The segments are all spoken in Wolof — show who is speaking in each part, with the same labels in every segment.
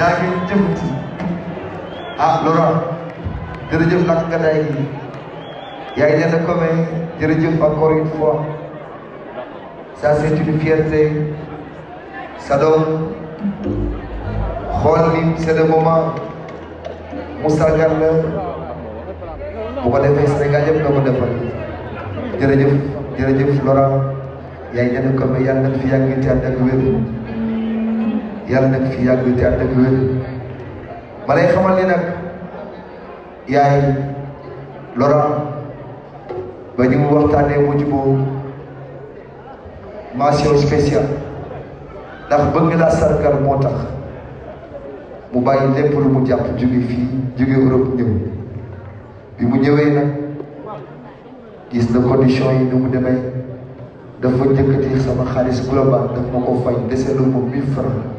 Speaker 1: yaa ngi jëfati ah Laurent jërëjëf lakk nga day gi ngi a comme jërëjëf encore une fois ça c'est une fierté ça donne xool ni c'est le moment mu sargal la bu ko defee Sénégal yëpp nga ko defal jërëjëf jërëjëf Laurent yaa ngi leen a comme yàlla na fi yàgg te ànd ak wér yàlla nag ya, fi yàgg te ànd ak wér ma lay xamal ni nag yaay loram ba ñu mu waxtaanee mu juboo mention spéciale ndax bëgg laa sargal moo mu bàyyi lépp lu mu jàpp jóge fii jóge Europe ñëw bi mu ñëwee nag gis na condition yi ni mu demee dafa njëkkati sama xaalis global daf ma ko fay dese lu ma mille francs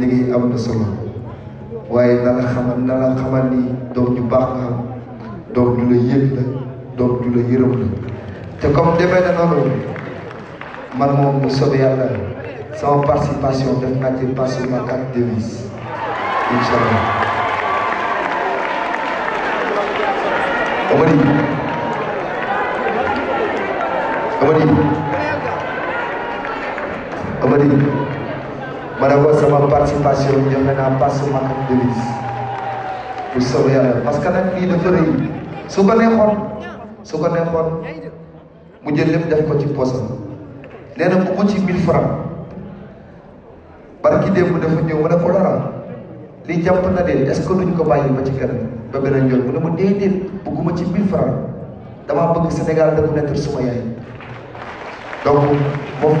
Speaker 1: liggéey am na solo waaye na la xamal na la xamal ni doom ju baax nga am doom ju la yëg la doom ju la yërëm la te comme demee na noonu man moom mu soobee yàlla sama participation def naa ci participation ma carte devise incha allah. Amady Amady Amady mereka sama uma participação de uma na passa uma deles. O seu é parce que na vida foi su ko neexoon su ko neexoon mu jël lépp def ko ci posam nee bu ko ci 1000 francs barki démb dafa ñëw mu ko dara li jàpp na est ce que duñ ko ba ci ba mu ne mu ci 1000 francs dama bëgg Sénégal suma yaay donc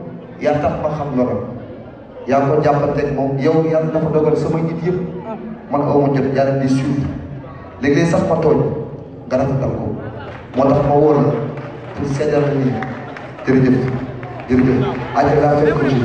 Speaker 1: yaa tax xam loolu yaa ko jàppanteeg moom yow yàlla dafa dogal sama nit yëpp man aw ma jot yàlla di suivre léeg-léeg sax moo tax ma wóor la pour seedal la nii aja laa fekk ko ci